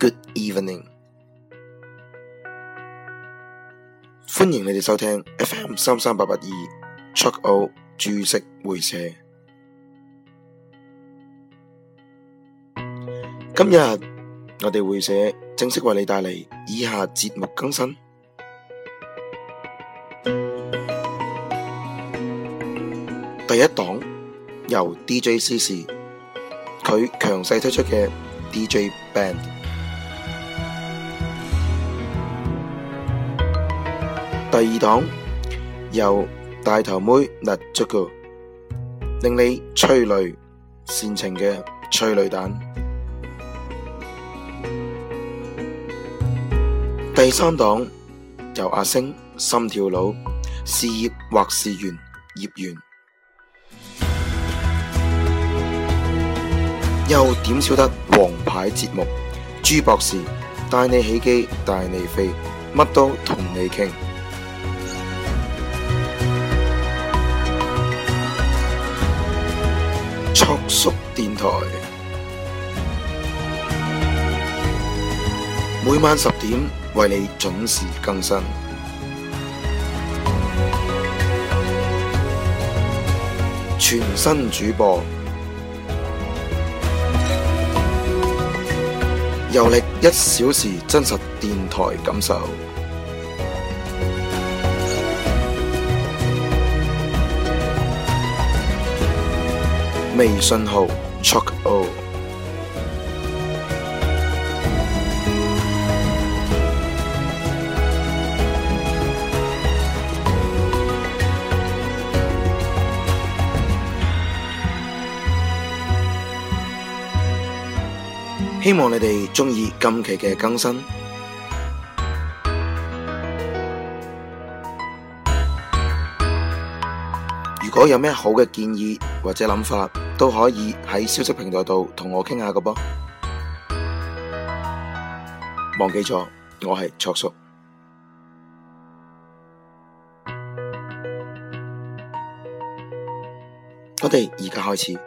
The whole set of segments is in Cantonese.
Good evening, Good evening. 歡迎你哋收聽 FM 三三八八二卓奧注釋會社。今日我哋會社正式為你帶嚟以下節目更新。第一檔由 DJ CC，佢強勢推出嘅 DJ Band。第二檔由大頭妹勒足，個令你催淚煽情嘅催淚彈。第三檔由阿星心跳佬事業或是完業完，又點少得王牌節目朱博士帶你起機帶你飛，乜都同你傾。宿電台每晚十點為你準時更新，全新主播遊歷一小時真實電台感受。微信號 Choco，希望你哋鍾意今期嘅更新。如果有咩好嘅建議或者諗法，都可以喺消息平台度同我傾下嘅噃。忘記咗，我係卓叔。我哋而家開始。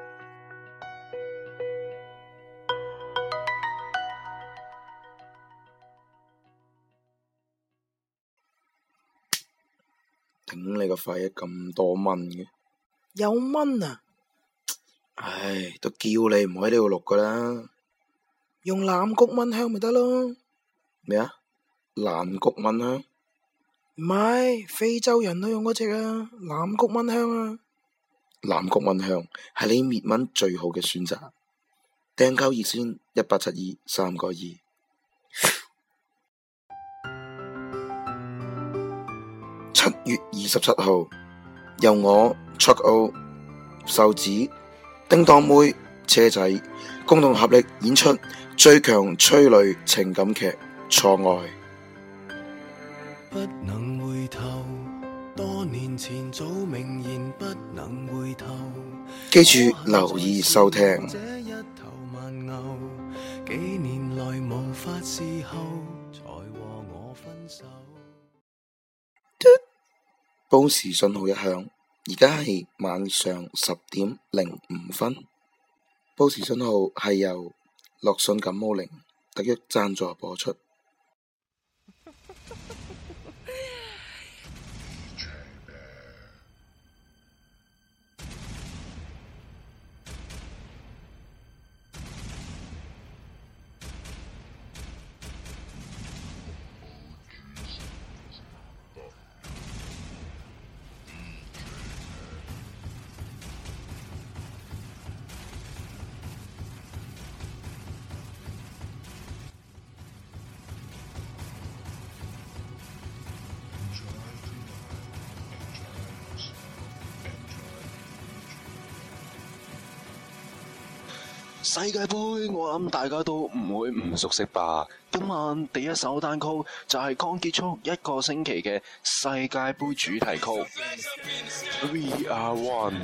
頂你個肺，咁多蚊嘅！有蚊啊！唉，都叫你唔好喺呢度錄噶啦。用欖菊蚊香咪得咯。咩啊？欖菊蚊香？唔係，非洲人都用嗰隻啊！欖菊蚊香啊！欖菊蚊香係你滅蚊最好嘅選擇。訂購熱線一八七二三個二。七 月二十七號。由我 Chuck O、壽子、叮噹妹、車仔共同合力演出最強催淚情感劇《錯愛》。不能回頭，多年前早明言。不能回頭，記住留意收聽。這一頭蠻牛，幾年來無法侍候。報時信號一響，而家係晚上十點零五分。報時信號係由樂信感冒靈特約贊助播出。世界盃，我諗大家都唔會唔熟悉吧？今晚第一首單曲就係剛結束一個星期嘅世界盃主題曲《We Are One》。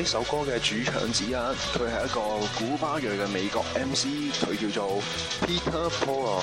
呢首歌嘅主唱之一，佢係一個古巴裔嘅美國 MC，佢叫做 Peter Paul。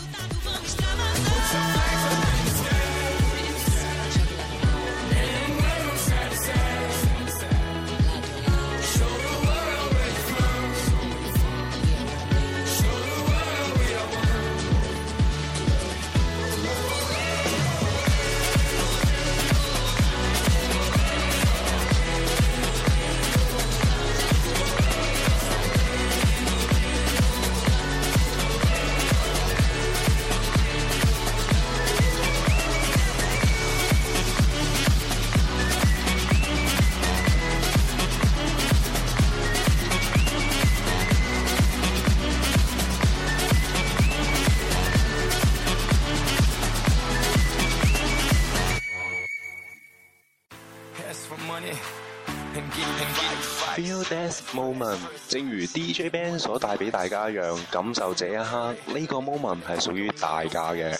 DJ band 所帶俾大家一樣，讓感受這一刻呢個 moment 係屬於大家嘅。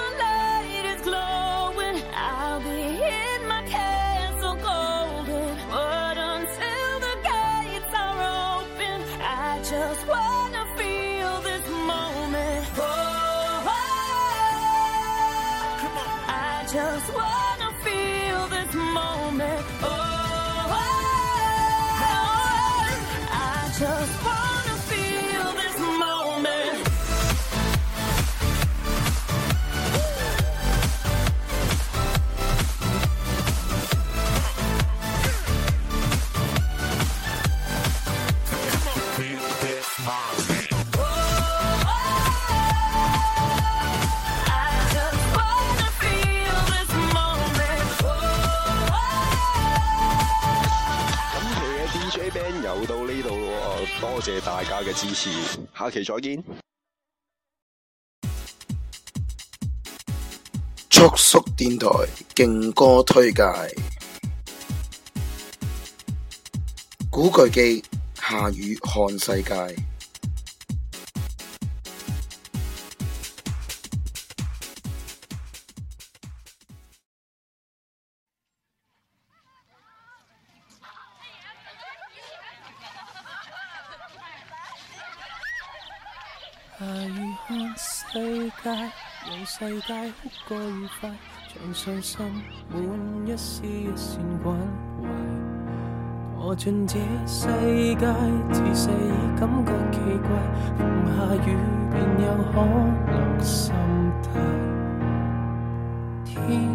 大家嘅支持，下期再見。速速電台勁歌推介，古巨基下雨看世界。世界讓世界哭過愉快，將信心滿一絲一線關懷。我進這世界，自細已感覺奇怪，逢下雨便有可能心淡。天。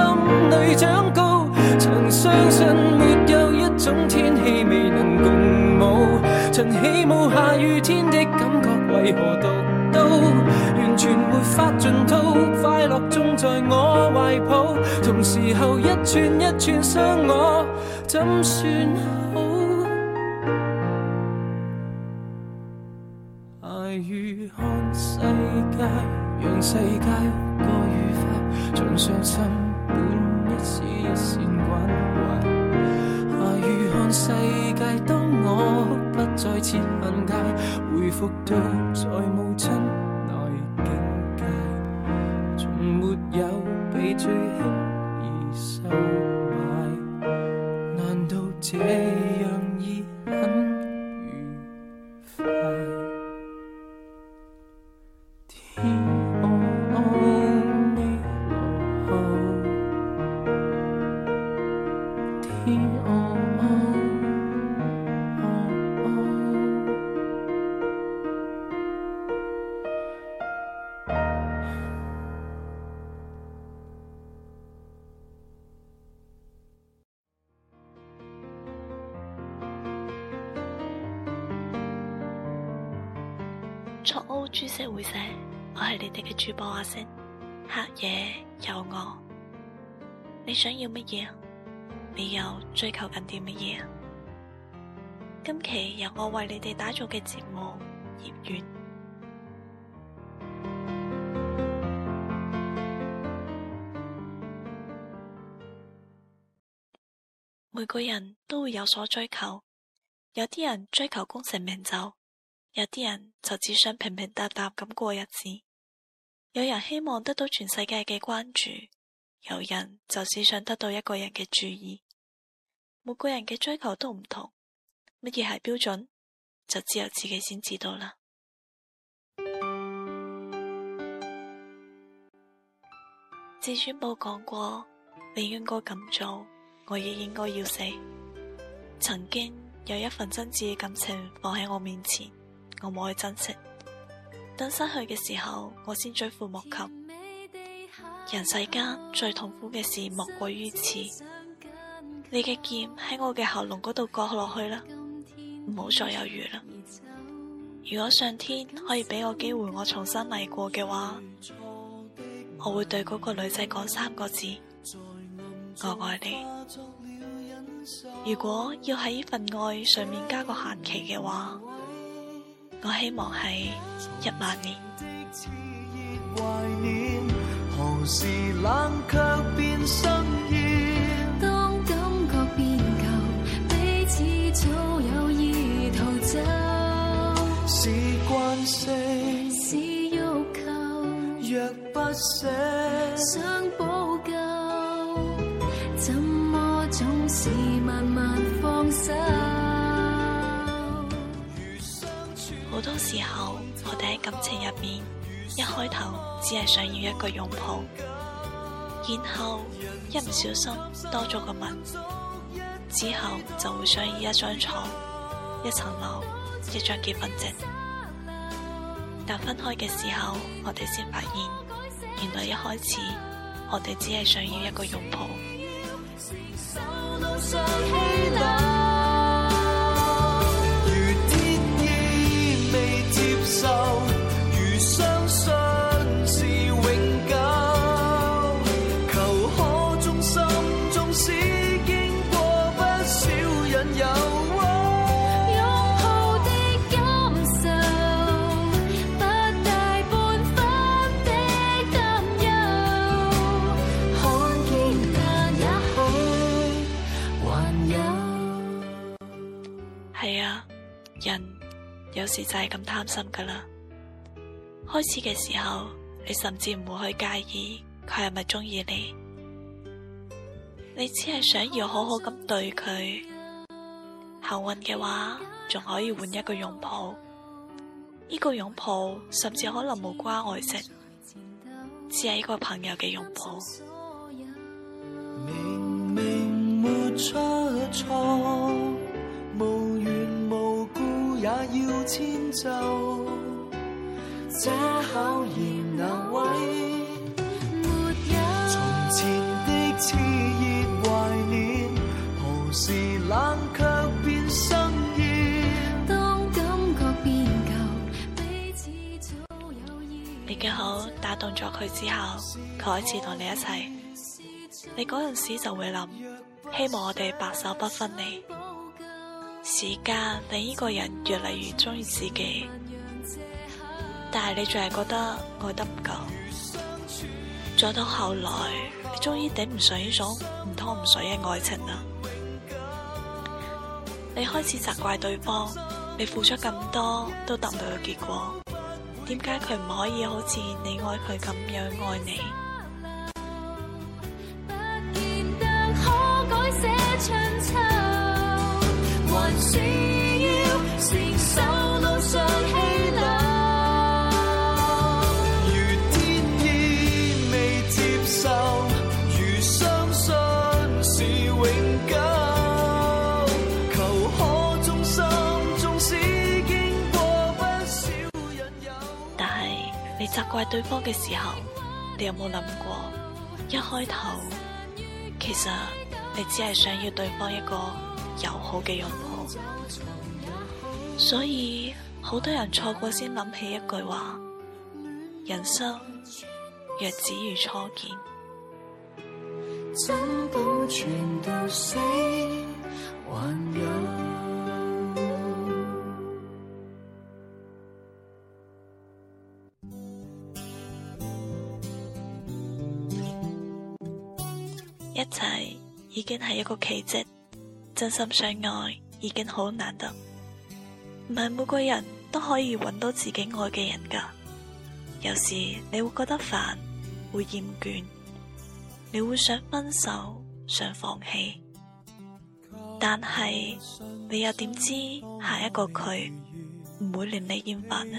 心裏長高，曾相信沒有一種天氣未能共舞，曾起舞下雨天的感覺，為何獨到，完全沒法盡到，快樂總在我懷抱，同時候，一寸一寸傷我，怎算？想要乜嘢？你又追求緊啲乜嘢？今期由我為你哋打造嘅節目《葉遠》，每個人都會有所追求。有啲人追求功成名就，有啲人就只想平平淡淡咁過日子。有人希望得到全世界嘅關注。有人就只想得到一個人嘅注意，每個人嘅追求都唔同，乜嘢係標準，就只有自己先知道啦。 自尊冇講過你應該咁做，我亦應該要死。曾經有一份真摯嘅感情放喺我面前，我冇去珍惜，等失去嘅時候，我先追悔莫及。人世間最痛苦嘅事莫過於此。你嘅劍喺我嘅喉嚨嗰度割落去啦，唔好再猶豫啦。如果上天可以俾我機會，我重新嚟過嘅話，我會對嗰個女仔講三個字：我愛你。如果要喺呢份愛上面加個限期嘅話，我希望係一萬年。無時冷卻變心意，當感覺變舊，彼此早有意逃走。是慣性，是欲求，若不想想補救，怎麼總是慢慢放手？好多時候，我哋喺感情入面。一開頭只係想要一個擁抱，然後一唔小心多咗個吻，之後就會想要一張床、一層樓、一張結婚證。但分開嘅時候，我哋先發現，原來一開始我哋只係想要一個擁抱。有時就係咁貪心噶啦。開始嘅時候，你甚至唔會去介意佢係咪中意你，你只係想要好好咁對佢。幸運嘅話，仲可以換一個擁抱，呢個擁抱甚至可能冇關愛式，只係一個朋友嘅擁抱。你嘅好打動咗佢之後，佢開始同你一齊。你嗰陣時就會諗，希望我哋白首不分離。時間，令呢個人越嚟越鍾意自己，但係你仲係覺得愛得唔夠。再到後來，你終於頂唔上呢種唔湯唔水嘅愛情啦。你開始責怪對方，你付出咁多都得唔到個結果，點解佢唔可以好似你愛佢咁樣愛你？是是要承受受，路上起落，如如天意未接受，如傷痕是永久。求可終生，縱使經過不少隱憂。但係，你責怪對方嘅時候，你有冇諗過？一開頭，其實你只係想要對方一個友好嘅擁抱。所以，好多人錯過先諗起一句話：人生若只如初見。 一切已經係一個奇蹟，真心相愛已經好難得。唔係每個人都可以揾到自己愛嘅人噶。有時你會覺得煩，會厭倦，你會想分手，想放棄，但係你又點知，下一個佢唔會令你厭煩呢？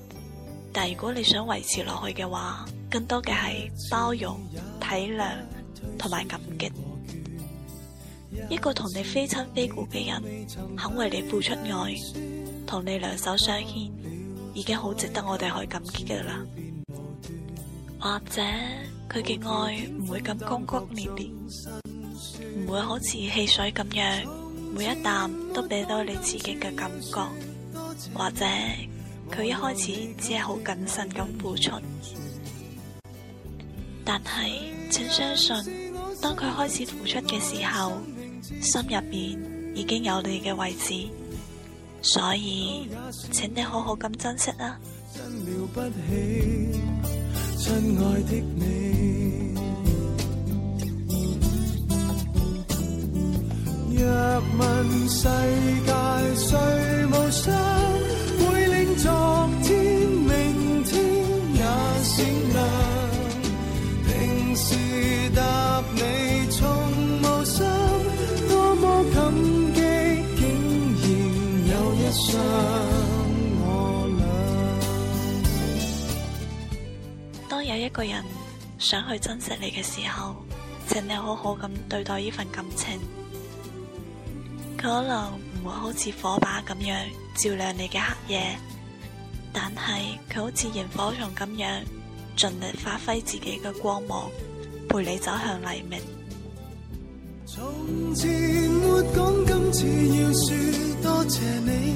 但如果你想維持落去嘅話，更多嘅係包容、體諒同埋感激。一個同你非親非故嘅人，肯為你付出愛，同你兩手相牽，已經好值得我哋去感激噶啦。或者，佢嘅愛唔會咁轟轟烈烈，唔會好似汽水咁樣，每一啖都畀到你自己嘅感覺，或者。佢一開始只係好謹慎咁付出，但係請相信，當佢開始付出嘅時候，心入邊已經有你嘅位置，所以請你好好咁珍惜啊！昨天、明天也閃亮。平時答你從無心，多麼感激竟然有一雙我倆。當有一個人想去珍惜你嘅時候，請你好好咁對待呢份感情。可能唔會好似火把咁樣照亮你嘅黑夜。但係佢好似螢火蟲咁樣，盡力發揮自己嘅光芒，陪你走向黎明。從前沒講，今次要說多謝你，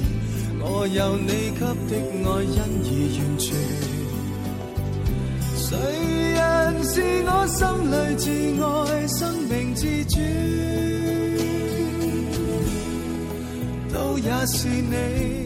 我由你給的愛，因而完全。誰人是我心裏摯愛，生命之主，都也是你。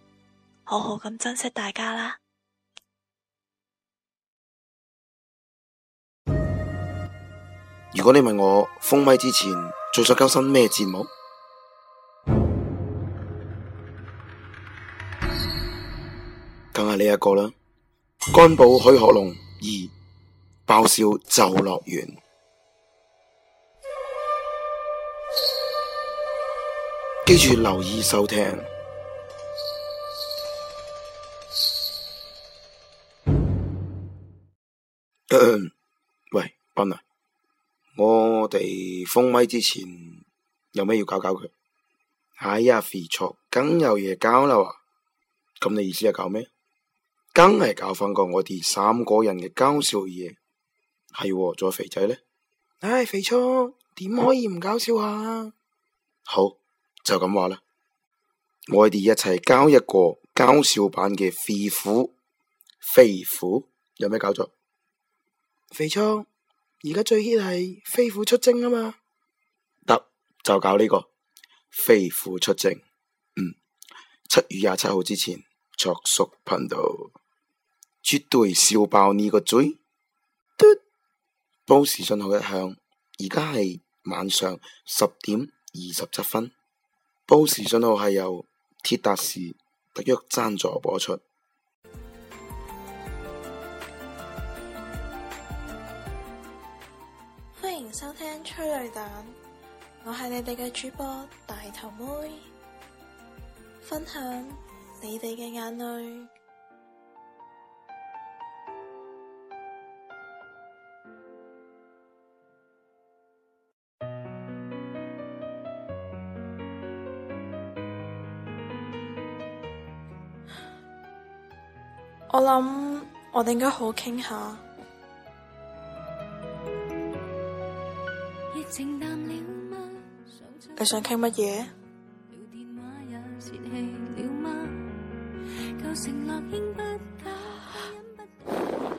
好好咁珍惜大家啦！如果你問我封咪之前做咗更新咩節目，梗係呢一個啦，干許《干寶許鶴龍二》爆笑就樂園， 記住留意收聽。呃、喂，阿文，啊，我哋封咪之前有咩要搞搞佢？哎呀，肥初，梗有嘢交啦喎，啊！咁你意思係搞咩？梗係搞翻個我哋三個人嘅搞笑嘢，係喎，啊，再肥仔咧？哎，肥初，點可以唔搞笑下，嗯？好，就咁話啦，我哋一齊交一個搞笑版嘅肥虎，肥虎有咩搞作？肥昌，而家最 hit 係飛虎出征啊嘛，得就搞呢個飛虎出征，嗯，七月廿七號之前，作叔頻道絕對笑爆你個嘴。嘟！報時信號一響，而家係晚上十點二十七分。報時信號係由鐵達時特約贊助播出。催淚彈，我係你哋嘅主播大頭妹，分享你哋嘅眼淚。 我諗我哋應該好好傾下。你想傾乜嘢？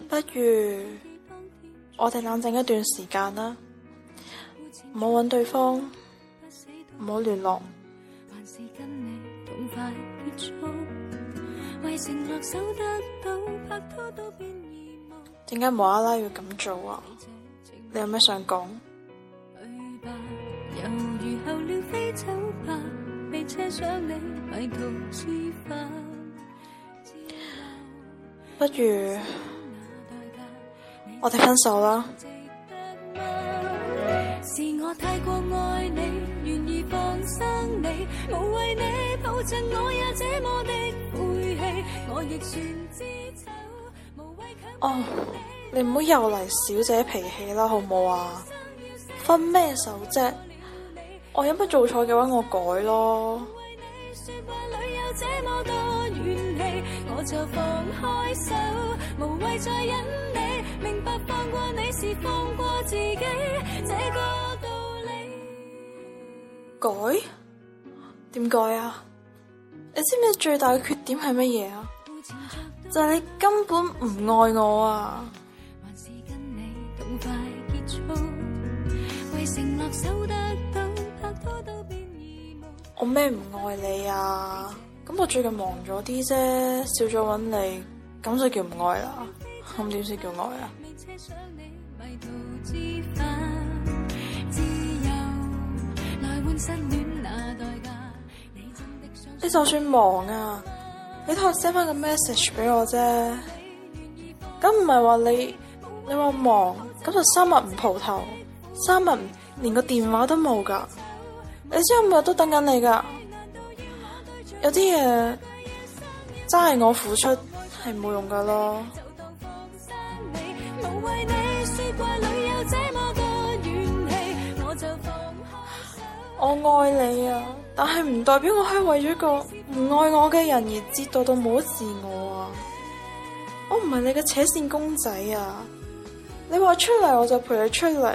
不如我哋冷靜一段時間啦，唔好搵對方，唔好聯絡。點解 無啦啦要咁做啊？你有咩想講？不如我哋分手啦。哦， oh, 你唔好又嚟小姐脾氣啦，好唔好啊？ 分咩手啫？我有乜做錯嘅話，我改咯。為你說話裏有咁多怨氣，我就放開手，無謂再忍你。明白放過你係放過自己呢個道理。改？點改，改啊？你知唔知最大嘅缺點係乜嘢啊？就係你根本唔愛我啊！我咩唔愛你啊？咁我最近忙咗啲啫，少咗揾你，咁就叫唔愛啦。咁點先叫愛啊 你就算忙啊，你都係 send 翻個 message 俾我啫。咁唔係話你你話忙，咁就三日唔蒲頭，三日連個電話都冇噶。你每日都等緊你噶， 有啲嘢真係我付出係冇用噶咯。 我愛你啊，但係唔代表我可以為咗一個唔愛我嘅人而折墮到冇得自我啊！我唔係你嘅扯線公仔啊！你話出嚟我就陪你出嚟，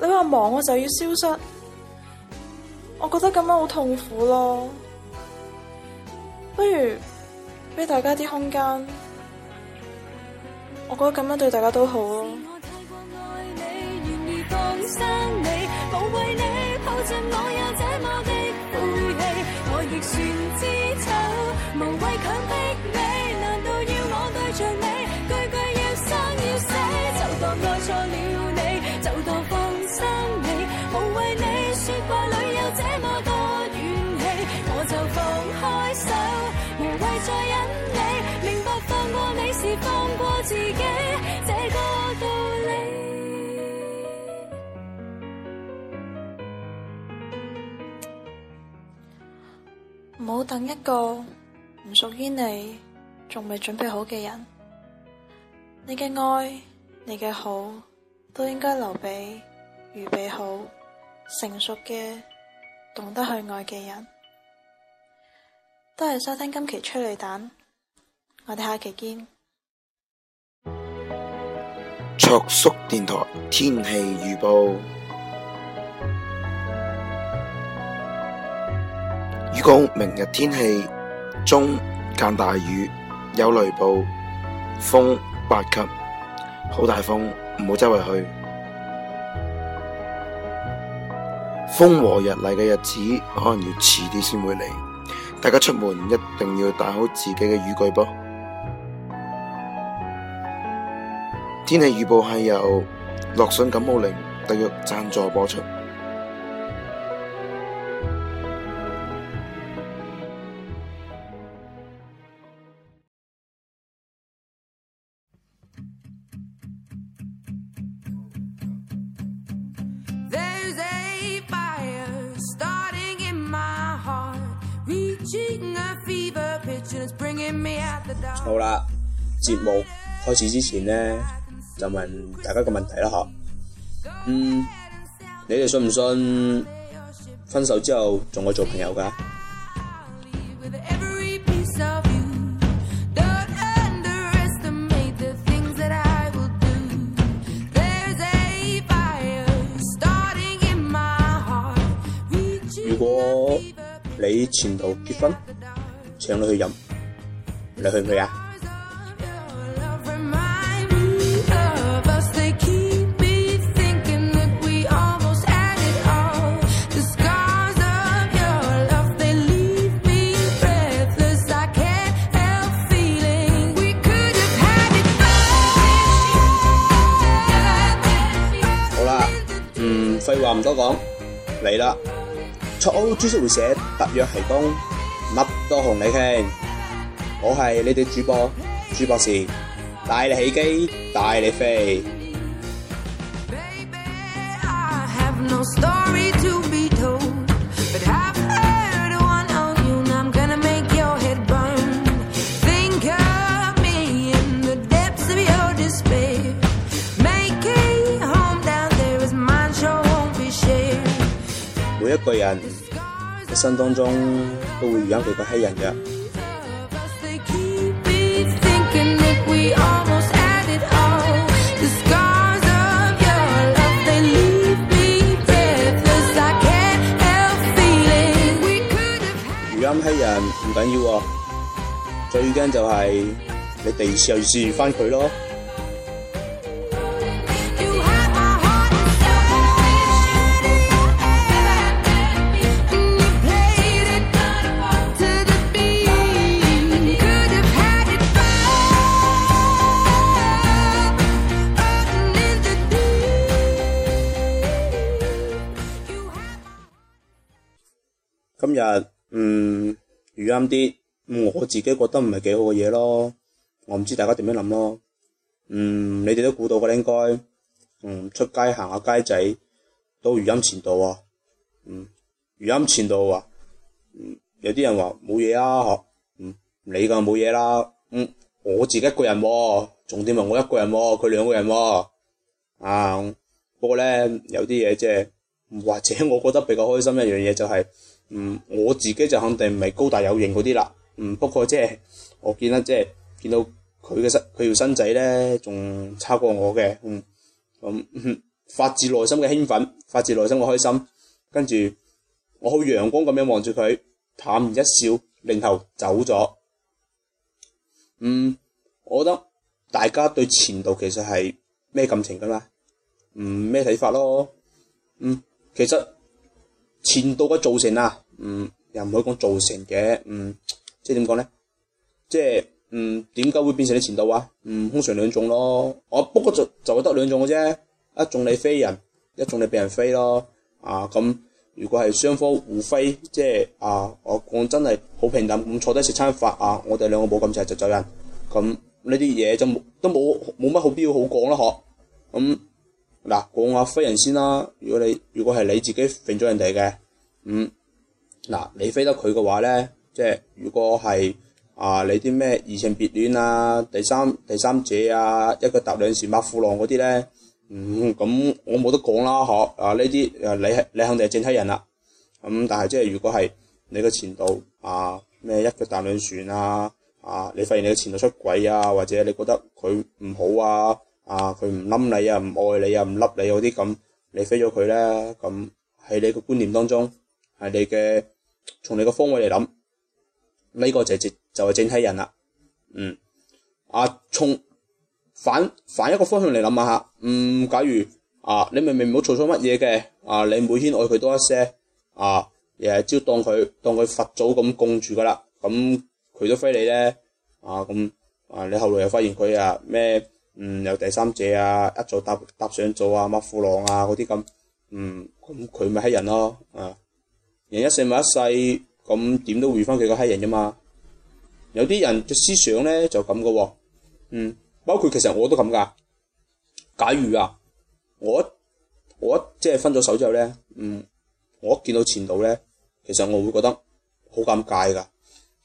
你話忙我就要消失。我覺得咁樣好痛苦咯，不如俾大家啲空間，我覺得咁樣對大家都好咯。 唔好等一個唔屬於你，仲未準備好嘅人。你嘅愛，你嘅好，都應該留俾預備好、成熟嘅、懂得去愛嘅人。多謝收聽今期催淚彈，我哋下期見。卓叔電台天氣預報。預告，明日天氣中間大雨，有雷暴，風八級，好大風，唔好周圍去。風和日麗嘅日子可能要遲啲先會嚟，大家出門一定要帶好自己嘅雨具。噃，天氣預報係由樂信感冒靈特約贊助播出。節目開始之前呢，就問大家個問題啦，吓，嗯，你哋信唔信分手之後仲會做朋友㗎？如果你前度結婚，請你去飲，你去唔去啊？話唔多講，嚟啦！卓奧朱式會社特約提供，乜都同你傾，我係你哋主播朱博士，帶你起機，帶你飛。 個人一生當中都會遇到幾個欺人嘅，遇到欺人唔緊要，最驚就係你第二次又遇翻佢咯。嗯，語音啲，我自己覺得唔係幾好嘅嘢咯，我唔知大家點樣諗咯。嗯，你哋都估到嘅啦，應該。嗯，出街行下街仔，都語音前度啊。嗯，語音前度啊。嗯，有啲人話冇嘢啊，嗬。嗯，你嘅冇嘢啦。嗯，我自己一個人喎，重點係我一個人喎，佢兩個人喎。啊，不過咧，有啲嘢即係，或者我覺得比較開心一樣嘢就係。嗯，我自己就肯定唔係高大有型嗰啲啦。嗯，不過即係我見啦，即係見到佢嘅身，佢條身仔咧仲差過我嘅。嗯，咁、嗯、發自內心嘅興奮，發自內心嘅開心。跟住我好陽光咁樣望住佢，淡然一笑，擰頭走咗。嗯，我覺得大家對前度其實係咩感情㗎啦？唔咩睇法咯？嗯，其實。前度嘅造成啊，嗯，造成嗯，嗯，又唔可以講造成嘅，嗯，即係點講咧？即係，嗯，點解會變成你前度啊？嗯，通常兩種咯，我、啊、不過就就得兩種嘅啫，一種你飛人，一種你俾人飛咯，啊，咁如果係雙方互飛，即係啊，我講真係好平等咁坐低食餐飯啊，我哋兩個冇感情就走人，咁呢啲嘢就都冇冇乜好必要好講咯，嗬、啊？咁、啊。嗯嗱，講下飛人先啦。如果你如果係你自己揈咗人哋嘅，嗯，嗱你飛得佢嘅話咧，即係如果係啊你啲咩移情別戀啊、第三第三者啊、一腳踏兩船、挖褲浪嗰啲咧，嗯，咁我冇得講啦，吓啊呢啲啊你係你肯定係正體人啦。咁、嗯、但係即係如果係你嘅前度啊咩一腳踏兩船啊，啊，你發現你嘅前度出軌啊，或者你覺得佢唔好啊？啊！佢唔冧你啊，唔愛你啊，唔笠你嗰啲咁，你飛咗佢啦。咁，喺你個觀念當中，係你嘅從你個方位嚟諗，呢個就係、就就係、係正氣人啦。嗯，啊，從反反一個方向嚟諗下，嗯，假如啊，你明明唔好做錯乜嘢嘅，啊，你每天愛佢多一些，啊，日日朝要當佢當佢佛祖咁供住噶啦，咁佢都飛你咧，啊，咁啊，你後來又發現佢啊咩？嗯，有第三者啊，一早搭搭上咗啊，乜富郎啊嗰啲咁，嗯，咁佢咪閪人咯，啊，人一世物一世，咁、嗯、點都會回翻佢個閪人㗎嘛，有啲人嘅思想咧就咁噶喎，嗯，包括其實我都咁噶，假如啊，我一，我即係分咗手之後咧，嗯，我一見到前度咧，其實我會覺得好尷尬㗎，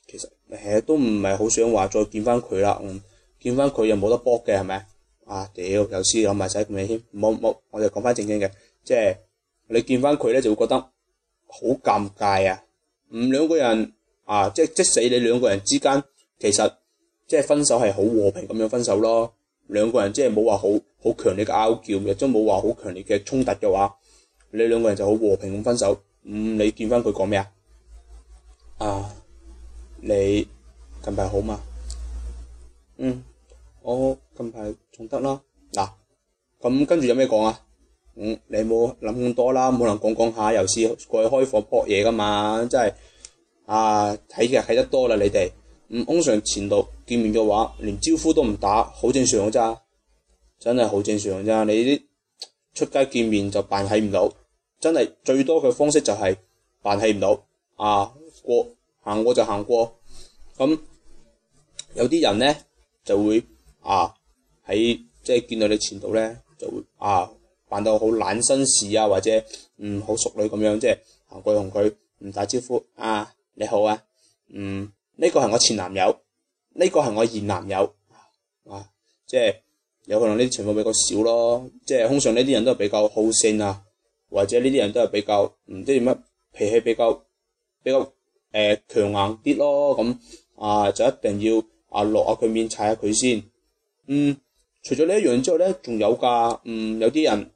其實係、呃、都唔係好想話再見翻佢啦，嗯見翻佢又冇得搏嘅係咪？啊屌有試，我唔係使咁嘅謊。冇冇，我就講翻正經嘅，即係你見翻佢咧就會覺得好尷尬啊。唔、嗯，兩個人啊，即即使你兩個人之間其實即係分手係好和平咁樣分手咯。兩個人即係冇話好好強烈嘅拗撬，亦都冇話好強烈嘅衝突嘅話，你兩個人就好和平咁分手。咁、嗯、你見翻佢講咩啊？啊，你近排好嗎？嗯。哦，近排仲得啦，嗱咁跟住有咩講啊？嗯，你冇諗咁多啦，冇能講講下，又試過去開房搏嘢㗎嘛，真係啊睇劇睇得多啦，你哋唔，通、嗯、常前度見面嘅話，連招呼都唔打，好正常咋。真係好正常咋。你啲出街見面就扮睇唔到，真係最多嘅方式就係扮睇唔到啊，過行過就行過，咁、嗯、有啲人咧就會。啊！喺即係見到你前度咧，就會啊，扮到好懶紳士啊，或者嗯好淑女咁樣，即係行過同佢唔打招呼。啊，你好啊，嗯，呢、這個係我前男友，呢、這個係我現男友啊，即係有可能呢啲情況比較少咯。即係通常呢啲人都係比較好勝啊，或者呢啲人都係比較唔知乜脾氣比較比較誒強、呃、硬啲咯。咁、嗯、啊，就一定要啊落下佢面踩下佢先。嗯，除咗呢一樣之外咧，仲有噶，嗯，有啲人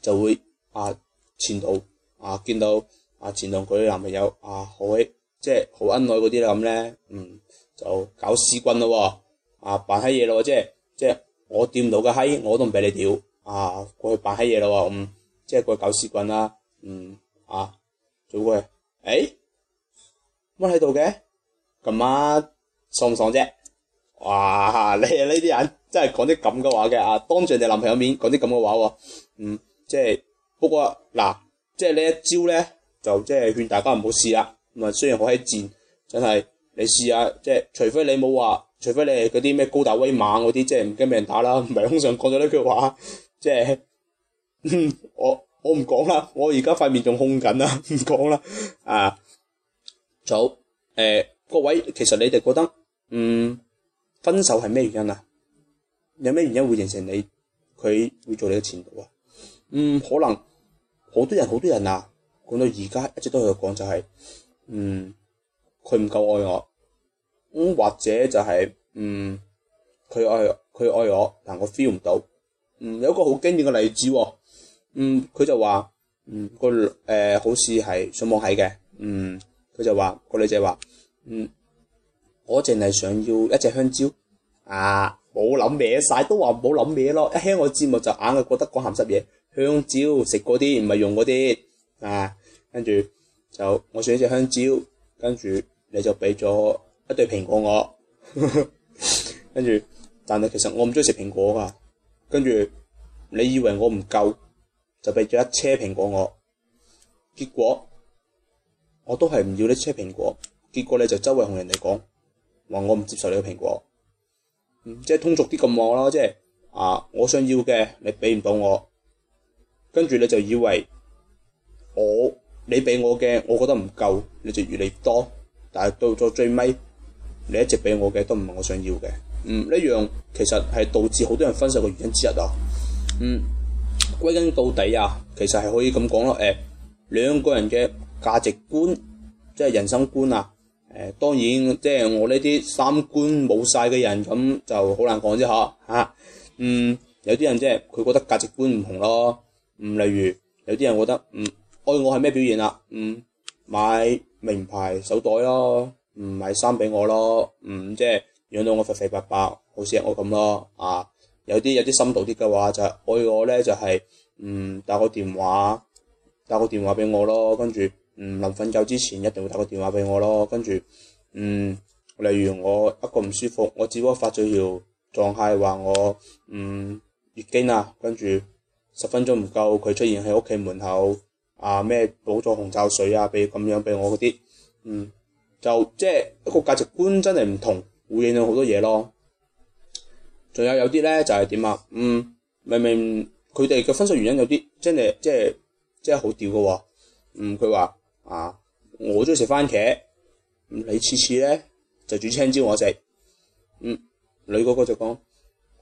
就會啊，前度啊，見到啊，前同佢男朋友啊，好即係好恩愛嗰啲咁咧，嗯，就搞屎棍咯喎，啊，扮閪嘢咯喎，即係即係我掂到嘅閪我都唔俾你屌，啊，過去扮閪嘢咯喎，嗯，即係過去搞屎棍啦，嗯，啊，做咩？誒、哎，乜喺度嘅？咁晚爽唔爽啫？哇！你啊呢啲人真係講啲咁嘅話嘅啊，當住你男朋友面講啲咁嘅話喎，嗯，即係不過嗱、啊，即係呢一招咧，就即係勸大家唔好試啦。咁啊，雖然好閪賤，真係你試下，即係除非你冇話，除非你係嗰啲咩高大威猛嗰啲，即係唔驚俾人打啦，唔係通常講咗呢句話，即係，我我唔講啦，我而家塊面仲控緊啦，唔講啦，啊，好，誒、呃，各位其實你哋覺得嗯？分手係咩原因啊？有咩原因會形成你佢會做你嘅前度啊？嗯，可能好多人好多人啊，講到而家一直都喺度講就係、是，嗯，佢唔夠愛我，咁、嗯、或者就係、是，嗯，佢愛佢愛我，但我 feel 唔到。嗯，有一個好經典嘅例子喎、哦，嗯，佢就話，嗯，嗰個誒、呃、好似係上網睇嘅，嗯，佢就話個女仔話，嗯。我淨係想要一隻香蕉啊！冇諗咩晒，都話冇諗咩咯。一聽我節目就硬係覺得講鹹濕嘢。香蕉食嗰啲唔係用嗰啲啊，跟住就我想一隻香蕉，跟住你就俾咗一對蘋果我，跟 住但係其實我唔中意食蘋果噶，跟住你以為我唔夠，就俾咗一車蘋果我，結果我都係唔要呢車蘋果，結果你就周圍同人哋講。話我唔接受你嘅蘋果，嗯，即係通俗啲咁話啦，即係啊，我想要嘅你俾唔到我，跟住你就以為我你俾我嘅我覺得唔夠，你就越嚟越多，但係到咗最尾你一直俾我嘅都唔係我想要嘅，嗯，呢樣其實係導致好多人分手嘅原因之一啊，嗯，歸根到底啊，其實係可以咁講咯，誒、哎，兩個人嘅價值觀，即係人生觀啊。誒當然，即係我呢啲三觀冇晒嘅人，咁就好難講啫嚇嚇。嗯，有啲人即係佢覺得價值觀唔同咯。嗯，例如有啲人覺得，嗯，愛我係咩表現啊？嗯，買名牌手袋咯，唔買衫俾我咯，嗯，即係養到我肥肥白白，好似我咁咯。啊，有啲有啲深度啲嘅話，就係愛我咧，就係嗯打個電話，打個電話俾我咯，跟住。嗯，臨瞓覺之前一定會打個電話俾我咯。跟住，嗯，例如我一個唔舒服，我只不過發咗條狀態話我嗯月經啊，跟住十分鐘唔夠，佢出現喺屋企門口啊咩攞咗紅皺水啊，俾咁樣俾我嗰啲，嗯，就即係一個價值觀真係唔同，會影響好多嘢咯。仲有有啲咧就係點啊，嗯，明明佢哋嘅分手原因有啲真係即係即係好屌嘅喎，嗯，佢話。啊！我中意食番茄，嗯、你次次咧就煮青椒我食。嗯，女嗰個就講：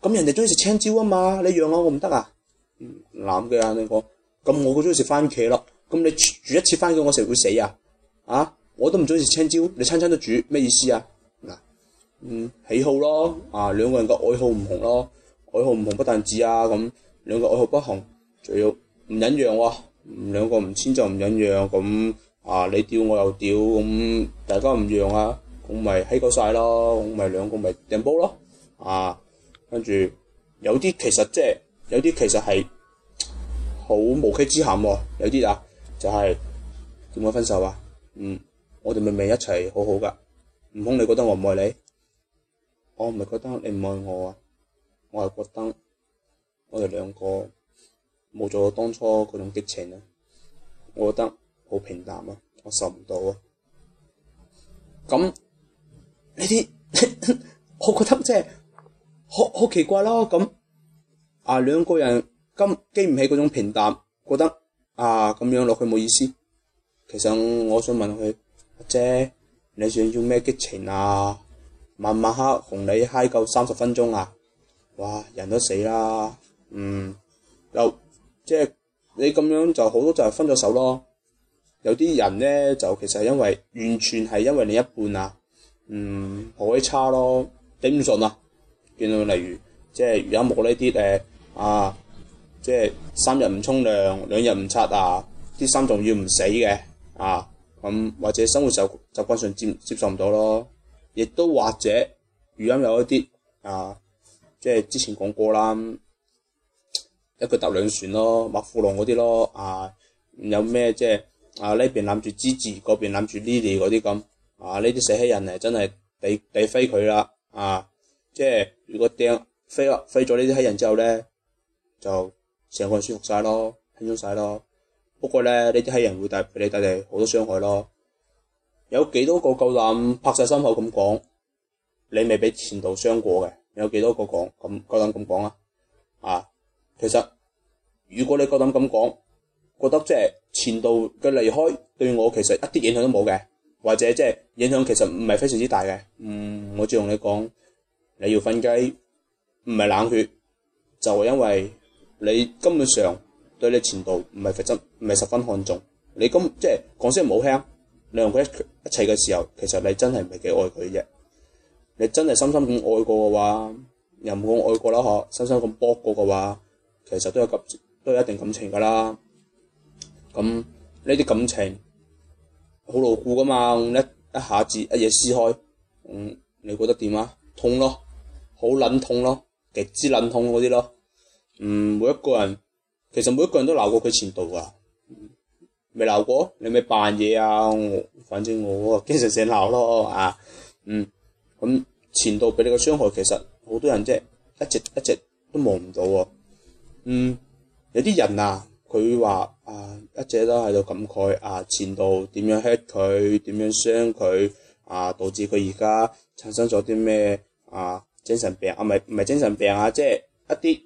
咁、嗯、人哋中意食青椒啊嘛，你讓我我唔得啊。嗯，男嘅啊，你講咁我好中意食番茄咯。咁你煮一次番茄我食會死啊？啊！我都唔中意食青椒，你餐餐都煮咩意思啊？嗱，嗯，喜好咯，啊，兩個人嘅愛好唔同咯，愛好唔同不但止啊，咁、嗯、兩個愛好不同，仲要唔忍讓喎，兩個唔遷就唔忍讓咁。啊！你屌我又屌，咁、嗯、大家唔讓啊，咁咪起過晒咯，咁咪兩個咪掟煲咯，啊！跟住有啲其實即係，有啲其實係好無稽之談喎、啊，有啲啊就係點解分手啊？嗯，我哋明明一齊好好噶，唔通，你覺得我唔愛你？我唔係覺得你唔愛我啊，我係覺得我哋兩個冇咗當初嗰種激情啊，我覺得。好平淡啊！我受唔到啊！咁你啲， 我覺得即係好好奇怪咯。咁啊，兩個人今經唔起嗰種平淡，覺得啊咁樣落去冇意思。其實我想問佢阿姐，你想要咩激情啊？晚晚黑同你嗨夠三十分鐘啊！哇，人都死啦！嗯，又即係你咁樣就好多就係分咗手咯。有啲人咧就其實係因為完全係因為你一半啊，嗯，好鬼差咯，頂唔順啊。見到例如即係如音冇呢啲誒啊，即係三日唔沖涼，兩日唔刷牙，啲衫仲要唔洗嘅啊，咁、啊嗯、或者生活習習慣上接接受唔到咯，亦都或者如音有一啲啊，即係之前講過啦，一個搭兩船咯，麥富龍嗰啲咯啊，有咩即係？啊！呢邊諗住支治，嗰邊諗住呢啲嗰啲咁，啊欺呢啲死乞人啊，真係抵抵飛佢啦！啊，即係如果掟飛咯，飛咗呢啲黑人之後咧，就成個人舒服晒咯，輕鬆晒咯。不過咧，呢啲黑人會帶俾你帶嚟好多傷害咯。有幾多個夠膽拍晒心口咁講，你未俾前度傷過嘅？有幾多個講咁夠膽咁講啊？啊，其實如果你夠膽咁講，覺得即係。前度嘅離開對我其實一啲影響都冇嘅，或者即係影響其實唔係非常之大嘅。嗯，我就同你講，你要瞓雞唔係冷血，就係、是、因為你根本上對你前度唔係十分唔係十分看重。你咁即係講聲唔好聽，你同佢一一齊嘅時候，其實你真係唔係幾愛佢啫。你真係深深咁愛過嘅話，又唔冇愛過啦，嗬，深深咁搏過嘅話，其實都有感都有一定感情㗎啦。咁呢啲感情好牢固噶嘛，一一下子一嘢撕開，嗯，你覺得點啊？痛咯，好撚痛咯，極之撚痛嗰啲咯。嗯，每一個人其實每一個人都鬧過佢前度、嗯、啊。未鬧過你咪扮嘢啊！反正我啊經常成日鬧咯啊，嗯，咁、嗯、前度俾你嘅傷害其實好多人即係一直一直都望唔到啊。嗯，有啲人啊～佢話啊，一直都喺度感慨啊，前度點樣 hit 佢，點樣傷佢啊，導致佢而家產生咗啲咩啊，精神，啊精神病啊？唔係唔係精神病啊，即係一啲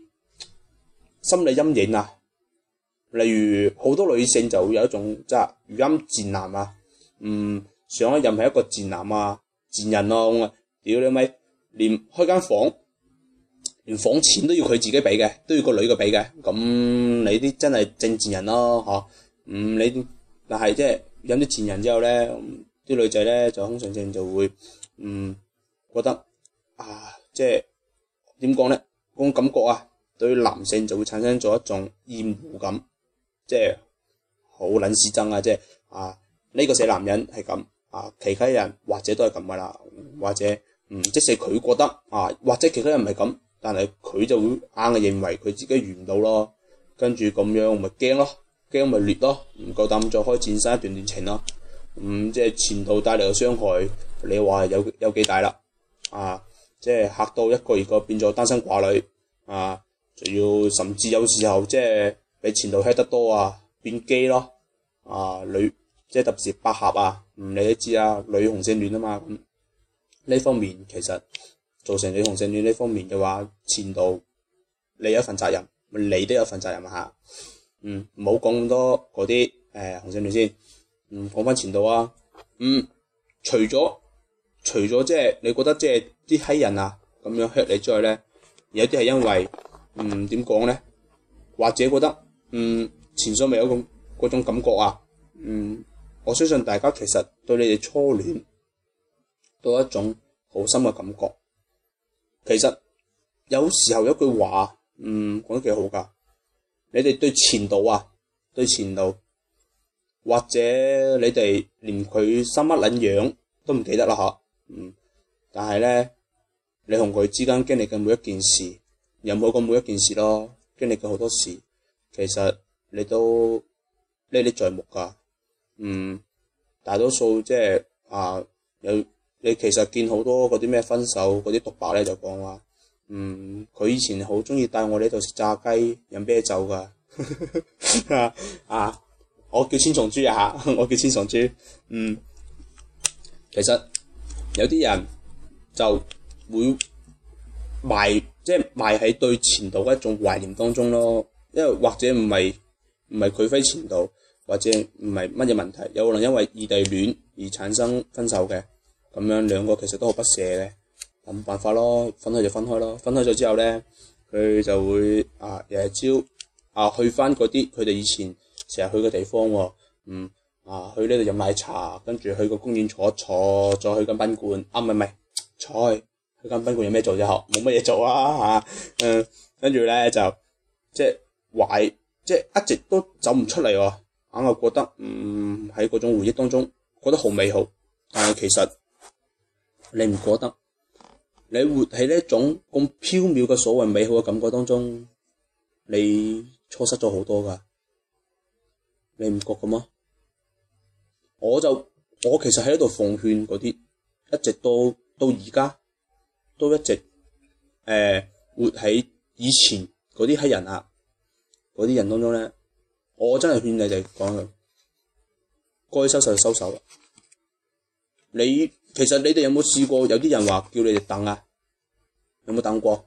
心理陰影啊。例如好多女性就會有一種即係語音賤男啊，嗯，上一任係一個賤男啊，賤人咯啊，屌你咪連開間房。連房錢都要佢自己俾嘅，都要個女嘅俾嘅。咁你啲真係正賤人咯，吓。嗯，你，嗯你但係即係有啲賤人之後咧，啲、嗯、女仔咧就通常性就會，嗯，覺得啊，即係點講咧？嗰種、那個、感覺啊，對男性就會產生咗一種厭惡感，即係好撚屎憎啊！即、就、係、是、啊，呢、這個死男人係咁啊，其他人或者都係咁噶啦，或者嗯，即使佢覺得啊，或者其他人唔係咁。但係佢就會硬係認為佢自己遇唔到咯，跟住咁樣咪驚咯，驚咪裂咯，唔夠膽再開展新一段戀情咯。咁、嗯、即係前度帶嚟嘅傷害，你話有有，有幾大啦？啊，即係嚇到一個二個變咗單身寡女啊，仲要甚至有時候即係比前度吃得多啊，變基 a 咯啊女，即係特別是百合啊，唔你都知啊，女同性戀啊嘛咁，呢、嗯、方面其實。造成你同性戀呢方面嘅話，前度你有一份責任，你都有份責任吓。嗯，唔好講咁多嗰啲誒，同、哎、性戀先。嗯，講翻前度啊。嗯，除咗除咗即係你覺得即係啲黑人啊咁樣吃你之外咧，有啲係因為嗯點講咧，或者覺得嗯前所未有咁嗰種，種感覺啊。嗯，我相信大家其實對你哋初戀，都有一種好深嘅感覺。其實有時候有句話，嗯，講得幾好噶。你哋對前度啊，對前度，或者你哋連佢生乜捻樣都唔記得啦吓，嗯。但係咧，你同佢之間經歷嘅每一件事，任冇個每一件事咯，經歷嘅好多事，其實你都歷歷在目噶。嗯，大多數即係啊有。你其實見好多嗰啲咩分手嗰啲獨白咧，就講話，嗯，佢以前好中意帶我呢度食炸雞飲啤酒㗎啊！ 啊！我叫千松豬啊嚇！我叫千松豬。嗯，其實有啲人就會埋即係、就是、埋喺對前度一種懷念當中咯。因為或者唔係唔係佢非前度，或者唔係乜嘢問題，有可能因為異地戀而產生分手嘅。咁樣兩個其實都好不捨嘅，冇辦法咯，分開就分開咯。分開咗之後咧，佢就會啊，日日朝啊去翻嗰啲佢哋以前成日去嘅地方喎。嗯啊，去呢度飲奶茶，跟住去個公園坐一坐，再去間賓館啊，唔係唔係坐去間賓館有咩做啫？嗬，冇乜嘢做啊嚇。嗯，跟住咧就即係壞，即係一直都走唔出嚟喎、啊，我覺得嗯喺嗰種回憶當中覺得好美好，但係其實。你唔覺得？你活喺呢種咁飄渺嘅所謂美好嘅感覺當中，你錯失咗好多㗎，你唔覺㗎嘛？我就我其實喺度奉勸嗰啲，一直到到而家，都一直誒、呃、活喺以前嗰啲黑人啊，嗰啲人當中咧，我真係勸你哋講佢，該收手就收手啦，你。其實你哋有冇試過？有啲人話叫你哋等啊，有冇等過？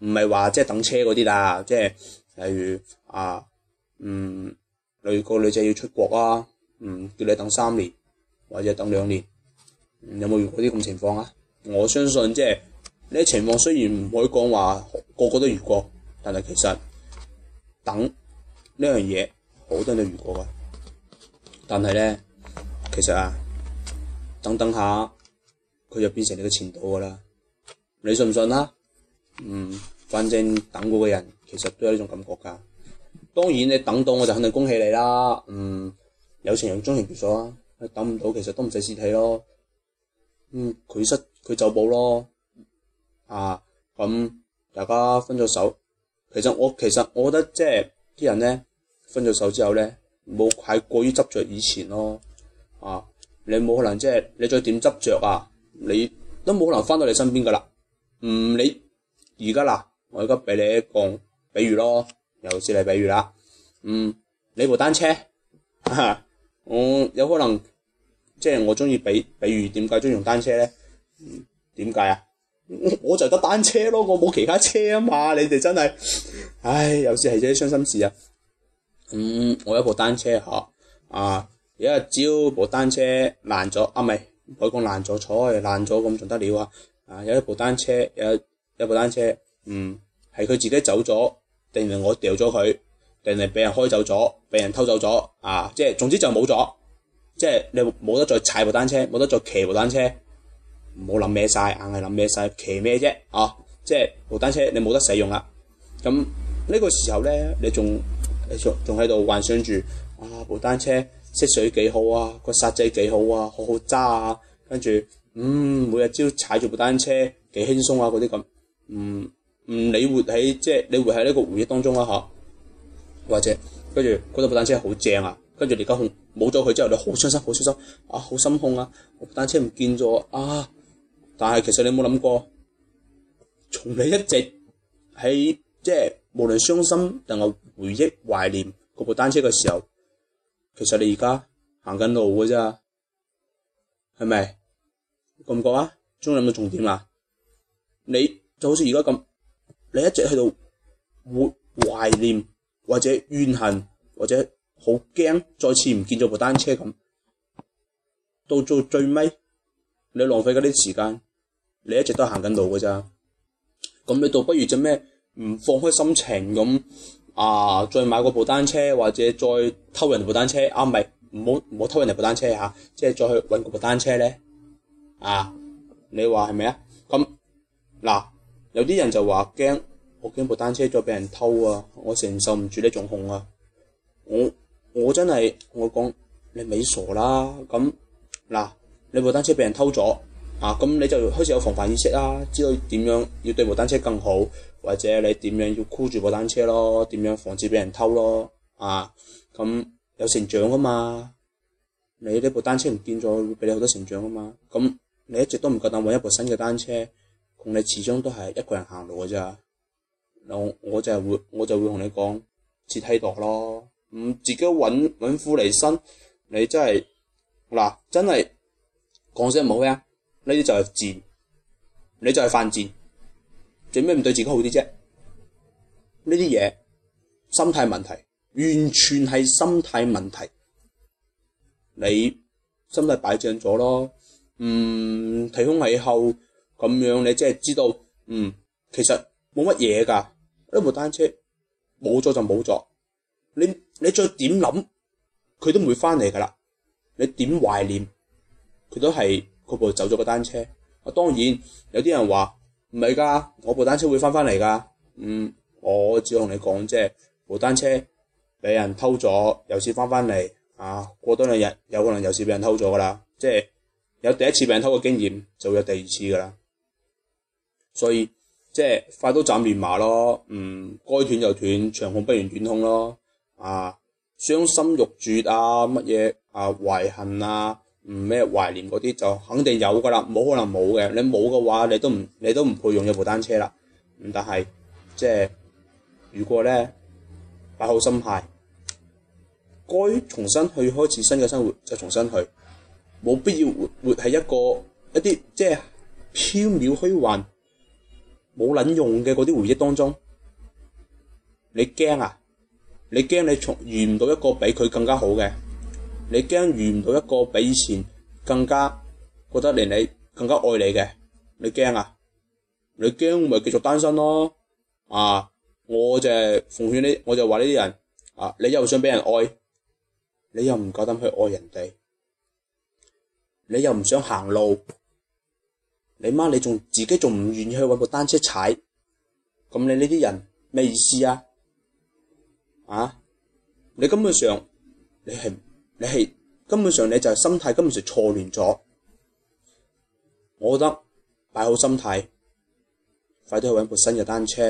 唔係話即係等車嗰啲啦，即係例如啊，嗯，例如個女仔要出國啊，嗯，叫你等三年或者等兩年，嗯，有冇遇過啲咁情況啊？我相信即係呢情況雖然唔可以講話個個都遇過，但係其實等呢樣嘢好多人都遇過噶，但係咧，其實啊。等等下，佢就變成你嘅前度噶啦，你信唔信啦？嗯，反正等過嘅人其實都有呢種感覺噶。當然你等到我就肯定恭喜你啦。嗯，有情人終成眷屬，你等唔到其實都唔使泄氣咯。嗯，佢失佢走步咯。啊，咁大家分咗手。其實我其實我覺得即係啲人咧，分咗手之後咧，冇太過於執着以前咯。啊。你冇可能即係你再點執着啊，你都冇可能翻到你身邊噶啦。嗯，你而家嗱，我而家俾你一個比喻咯，又似你比喻啦。嗯，你部單車，我、啊嗯、有可能即係、就是、我中意比比喻，點解中意用單車咧？點解啊？我就得單車咯，我冇其他車啊嘛。你哋真係，唉，有時係啲傷心事啊。咁、嗯、我有部單車吓。啊。啊有一朝部單車爛咗，啊唔係，唔好講爛咗，坐爛咗咁仲得了啊！啊，有一部單車，有一部單車，嗯，係佢自己走咗，定係我掉咗佢，定係俾人開走咗，俾人偷走咗啊！即係總之就冇咗，即係你冇得再踩部單車，冇得再騎部單車，冇諗咩晒，硬係諗咩晒，騎咩啫？啊，即係部單車你冇得使用啦。咁呢個時候咧，你仲仲仲喺度幻想住啊部單車。色水幾好啊！個煞制幾好啊！好好揸啊！跟住，嗯，每日朝踩住部單車幾輕鬆啊！嗰啲咁，嗯，嗯，你活喺即係你活喺呢個回憶當中啊。嚇，或者跟住嗰部單車好正啊！跟住你而家冇咗佢之後，你好傷心，好傷心，啊，好心痛啊！部單車唔見咗啊！但係其實你有冇諗過，從你一直喺即係無論傷心定係回憶懷念嗰部單車嘅時候。其實你在在而家行緊路嘅咋，係咪？覺唔覺啊？終於諗到重點啦。你就好似而家咁，你一直喺度活懷念或者怨恨或者好驚再次唔見咗部單車咁。到到最尾，你浪費嗰啲時間，你一直都行緊路嘅咋。咁你倒不如就咩唔放開心情咁？啊！再買嗰部單車，或者再偷人哋部單車啊？唔係，唔好唔好偷人哋部單車嚇、啊，即係再去搵嗰部單車咧啊！你話係咪啊？咁、啊、嗱，有啲人就話驚，我驚部單車再俾人偷啊，我承受唔住呢種控啊！我我真係我講，你咪傻啦！咁嗱，你部單車俾人偷咗。啊！咁你就開始有防範意識啦，啊，知道點樣要對部單車更好，或者你點樣要箍住部單車咯，點樣防止俾人偷咯？啊！咁有成長噶嘛？你呢部單車唔見咗，會俾你好多成長噶嘛？咁你一直都唔夠膽揾一部新嘅單車，同你始終都係一個人行路嘅咋。嗱，我就係會我就會同你講節度咯。唔，自己揾揾富嚟身，你真係嗱，啊、真係講聲唔好聽，啊。呢啲就係賤，你就係犯賤，做咩唔對自己好啲啫？呢啲嘢心態問題，完全係心態問題。你心態擺正咗咯，嗯，睇空以後咁樣，你即係知道，嗯，其實冇乜嘢㗎。呢部單車冇咗就冇咗，你你再點諗，佢都唔會翻嚟㗎啦。你點懷念，佢都係。佢部走咗個單車。啊，當然有啲人話唔係㗎，我部單車會翻翻嚟㗎。嗯，我只同你講，即係部單車俾人偷咗，又是翻翻嚟，啊，過多兩日有可能又是俾人偷咗㗎啦。即係有第一次俾人偷嘅經驗，就會有第二次㗎啦。所以即係快刀斬亂麻咯，嗯，該斷就斷，長痛不如短痛咯。啊，傷心欲絕啊，乜嘢啊，懷恨啊～唔咩懷念嗰啲就肯定有噶啦，冇可能冇嘅。你冇嘅話，你都唔你都唔配用呢部單車啦。唔但係即係如果咧擺好心態，該重新去開始新嘅生活就重新去，冇必要活活喺一個一啲即係飄渺虛幻冇撚用嘅嗰啲回憶當中。你驚啊！你驚你從遇唔到一個比佢更加好嘅。你驚遇唔到一個比以前更加覺得令你更加愛你嘅，你驚啊！你驚咪繼續單身咯啊！我就係奉勸你，我就話呢啲人啊，你又想俾人愛，你又唔夠膽去愛人哋，你又唔想行路，你媽你仲自己仲唔願意去揾部單車踩，咁你呢啲人咩意思啊？啊！你根本上你係～你係，根本上你就係心態根本上錯亂咗，我覺得，擺好心態，快啲去揾部新嘅單車，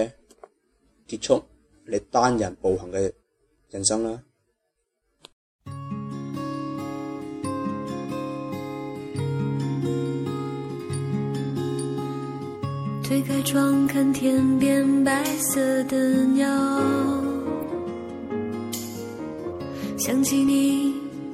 結束你單人步行嘅人生啦。推開窗，看天邊白色的鳥，想起你。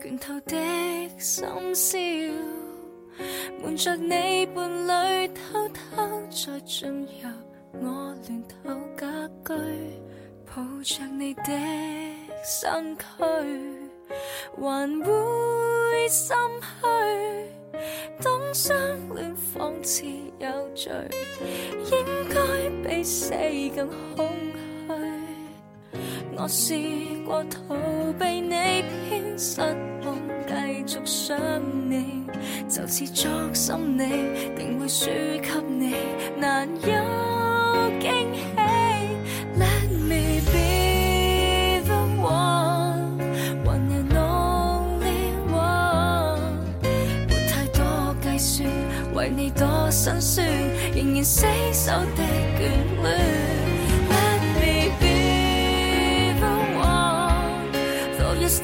倦透的深宵，瞞着你伴侶偷偷再進入我亂頭家居，抱着你的身軀，還會心虛，當相戀仿似有罪，應該比死更好。我試過逃避你，偏失控，繼續想你，就似作心理，定會輸給你，難有驚喜。Let me be the one，when you're lonely one，沒太多計算，為你多心酸，仍然死守的眷戀。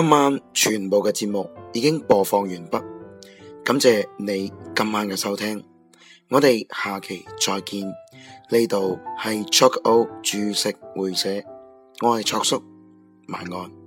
今晚全部嘅節目已經播放完畢，感謝你今晚嘅收聽，我哋下期再見。呢度係 Choco 煮食會社，我係卓叔，晚安。